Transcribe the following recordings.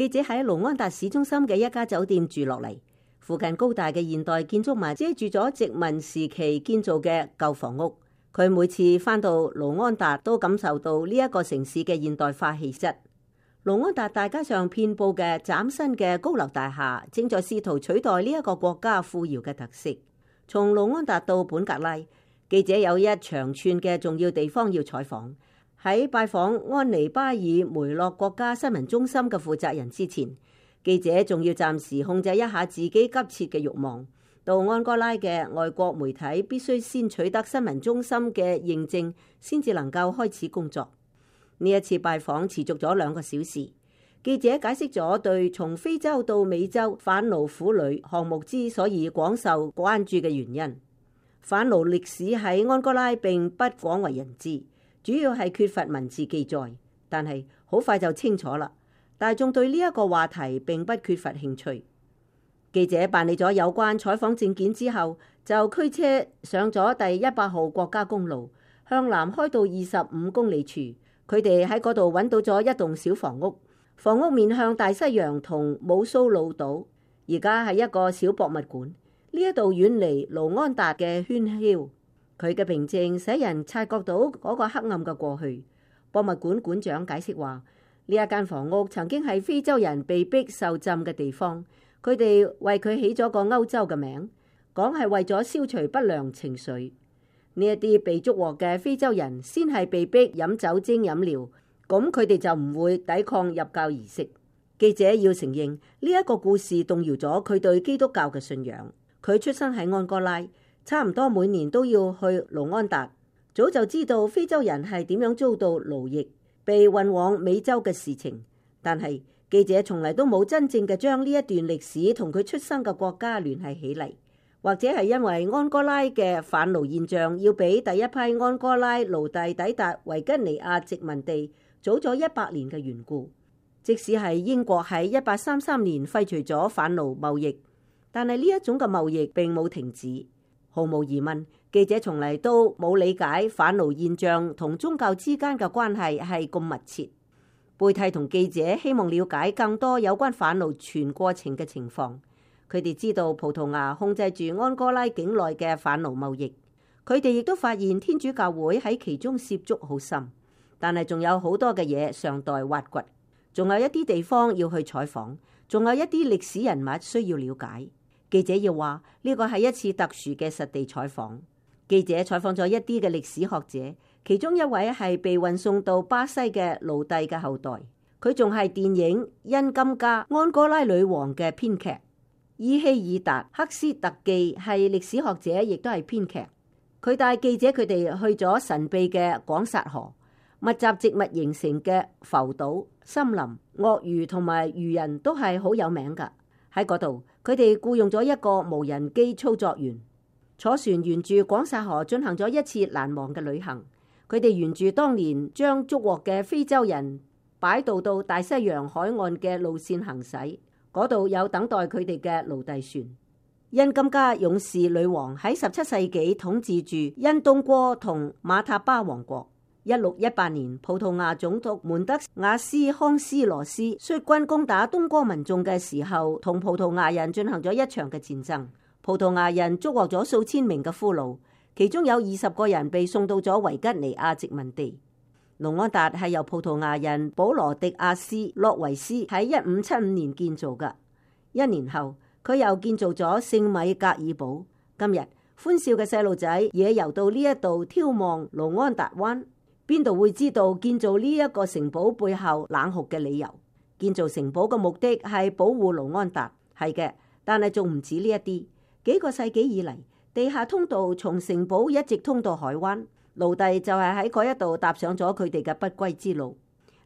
記者喺盧安達市中心嘅一家酒店住落嚟，附近高大嘅現代建築物遮住咗殖民時期建造嘅舊房屋。佢每次返到盧安達都感受到呢一個城市嘅現代化氣質。盧安達大街上遍布嘅嶄新嘅高樓大廈，正在試圖取代呢一個國家富饒嘅特色。從盧安達到本格拉，記者有一長串嘅重要地方要採訪。喺拜訪安尼巴爾梅洛國家新聞中心嘅負責人之前，記者仲要暫時控制一下自己急切嘅欲望。到安哥拉嘅外國媒體必須先取得新聞中心嘅認證，先至能夠開始工作。呢一次拜訪持續咗兩個小時，記者解釋咗對從非洲到美洲非奴苦旅項目之所以廣受關注嘅原因。非奴歷史喺安哥拉並不廣為人知。主要係缺乏文字記載，但係好快就清楚啦。大眾對呢一個話題並不缺乏興趣。記者辦理咗有關採訪證件之後，就驅車上咗第一百號國家公路，向南開到二十五公里處，佢哋喺嗰度揾到咗一棟小房屋。房屋面向大西洋同武蘇老島，而家係一個小博物館。呢一度遠離盧安達嘅喧囂。佢嘅平靜使人察覺到嗰個黑暗嘅過去。博物館館長解釋話：呢一間房屋曾經係非洲人被逼受浸嘅地方，佢哋為佢起咗個歐洲嘅名，講係為咗消除不良情緒。呢一啲被捉獲嘅非洲人先係被逼飲酒精飲料，咁佢哋就唔會抵抗入教儀式。記者要承認呢一個故事動搖咗佢對基督教嘅信仰。佢出生喺安哥拉。差唔多每年都要去盧安達，早就知道非洲人係點樣遭到奴役，被運往美洲嘅事情。但係記者從來都冇真正嘅將呢一段歷史同佢出生嘅國家聯繫起嚟，或者係因為安哥拉嘅販奴現象要比第一批安哥拉奴隸抵達維吉尼亞殖民地早咗一百年嘅緣故。即使係英國喺一八三三年廢除咗販奴貿易，但係呢一種嘅貿易並冇停止。毫無疑問，記者從嚟都冇理解販奴現象同宗教之間嘅關係係咁密切。貝蒂同記者希望了解更多有關販奴全過程嘅情況。佢哋知道葡萄牙控制住安哥拉境內嘅販奴貿易，佢哋亦都發現天主教會喺其中涉足好深。但係仲有好多嘅嘢尚待挖掘，仲有一啲地方要去採訪，仲有一啲歷史人物需要了解。記者要話呢個係一次特殊嘅實地採訪。記者採訪咗一啲嘅歷史學者，其中一位係被運送到巴西嘅奴隸嘅後代，佢仲係電影《恩金加安哥拉女王》嘅編劇伊希爾達·赫斯特記，係歷史學者，亦都係編劇。佢帶記者佢哋去咗神秘嘅廣殺河、密集植物形成嘅浮島森林、鱷魚同埋漁人都係好有名㗎。喺嗰度，佢哋雇用咗一個無人機操作員，坐船沿住廣撒河進行咗一次難忘嘅旅行。佢哋沿住當年將捉獲嘅非洲人擺渡到大西洋海岸嘅路線行駛，嗰度有等待佢哋嘅奴隸船。恩金加勇士女王喺十七世紀統治住恩東哥同馬塔巴王國。一六一八年，葡萄牙總督門德亞斯康斯羅斯率軍攻打東哥民眾嘅時候，同葡萄牙人進行咗一場嘅戰爭。葡萄牙人捉獲咗數千名嘅俘虜，其中有二十個人被送到咗維吉尼亞殖民地。盧安達係由葡萄牙人保羅迪亞斯諾維斯喺一五七五年建造噶。一年後，佢又建造咗聖米格爾堡。今日歡笑嘅細路仔也遊到呢一度眺望盧安達灣。邊度會知道建造呢一個城堡背後冷酷嘅理由？建造城堡嘅目的係保護盧安達，係嘅。但係仲唔止呢一啲？幾個世紀以嚟，地下通道從城堡一直通到海灣，奴隸就係喺嗰一度踏上咗佢哋嘅不歸之路。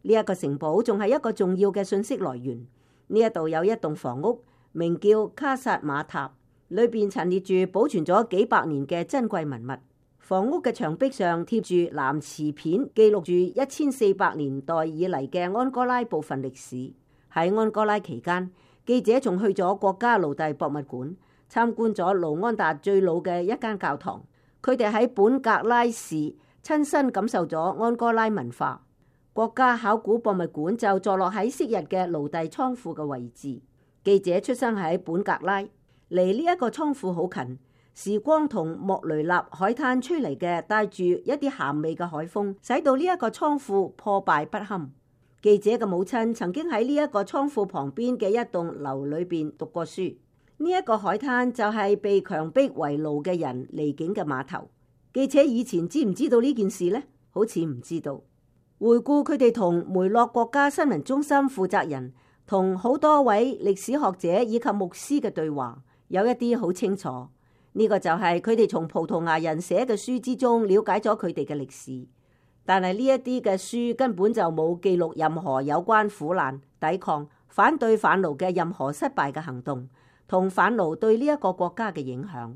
呢一個城堡仲係一個重要嘅信息來源。呢一度有一棟房屋，名叫卡薩馬塔，裏邊陳列住保存咗幾百年嘅珍貴文物。房屋嘅牆壁上貼住藍瓷片，記錄住一千四百年代以嚟嘅安哥拉部分歷史。喺安哥拉期間，記者仲去咗國家奴隸博物館，參觀咗盧安達最老嘅一間教堂。佢哋喺本格拉市親身感受咗安哥拉文化。國家考古博物館就坐落喺昔日嘅奴隸倉庫嘅位置。記者出生喺本格拉，離呢一個倉庫好近。時光同莫雷納海灘吹嚟嘅，帶住一啲鹹味嘅海風，使到呢一個倉庫破敗不堪。記者嘅母親曾經喺呢一個倉庫旁邊嘅一棟樓裏邊讀過書。呢、這、一個海灘就係被強迫為奴嘅人離境嘅碼頭。記者以前知唔知道呢件事呢？好似唔知道。回顧佢哋同梅洛國家新聞中心負責人同好多位歷史學者以及牧師嘅對話，有一啲好清楚。呢個就係佢哋從葡萄牙人寫嘅書之中了解咗佢哋嘅歷史，但係呢一啲嘅書根本就冇記錄任何有關苦難、抵抗、反對反奴嘅任何失敗嘅行動，同反奴對呢一個國家嘅影響。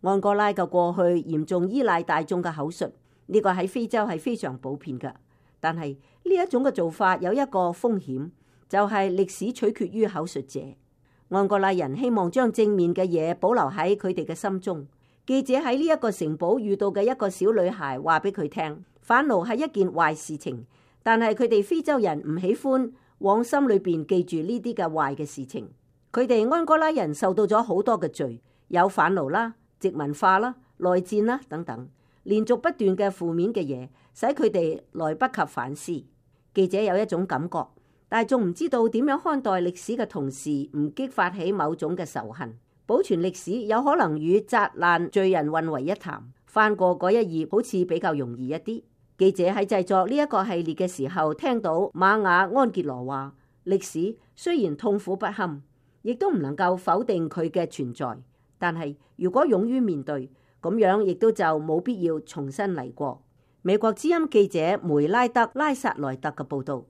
安哥拉嘅過去嚴重依賴大眾嘅口述，呢個喺非洲係非常普遍嘅。但係呢一種嘅做法有一個風險，就係歷史取決於口述者。安哥拉人希望將正面嘅嘢保留喺佢哋嘅心中。記者喺呢一個城堡遇到嘅一個小女孩，話俾佢聽：反奴係一件壞事情，但係佢哋非洲人唔喜歡往心裏面記住呢啲嘅壞嘅事情。佢哋安哥拉人受到咗好多嘅罪，有反奴啦、殖民化啦、內戰啦等等，連續不斷嘅負面嘅嘢，使佢哋來不及反思。記者有一種感覺。但仲唔知道點樣看待歷史嘅同時，唔激發起某種嘅仇恨，保存歷史有可能與責難罪人混為一談。翻過嗰一頁，好似比較容易一啲。記者喺製作呢一個系列嘅時候，聽到瑪雅安傑羅話：歷史雖然痛苦不堪，亦都唔能夠否定佢嘅存在。但係如果勇於面對，咁樣亦都就冇必要重新嚟過。美國之音記者梅拉德拉薩萊特嘅報道。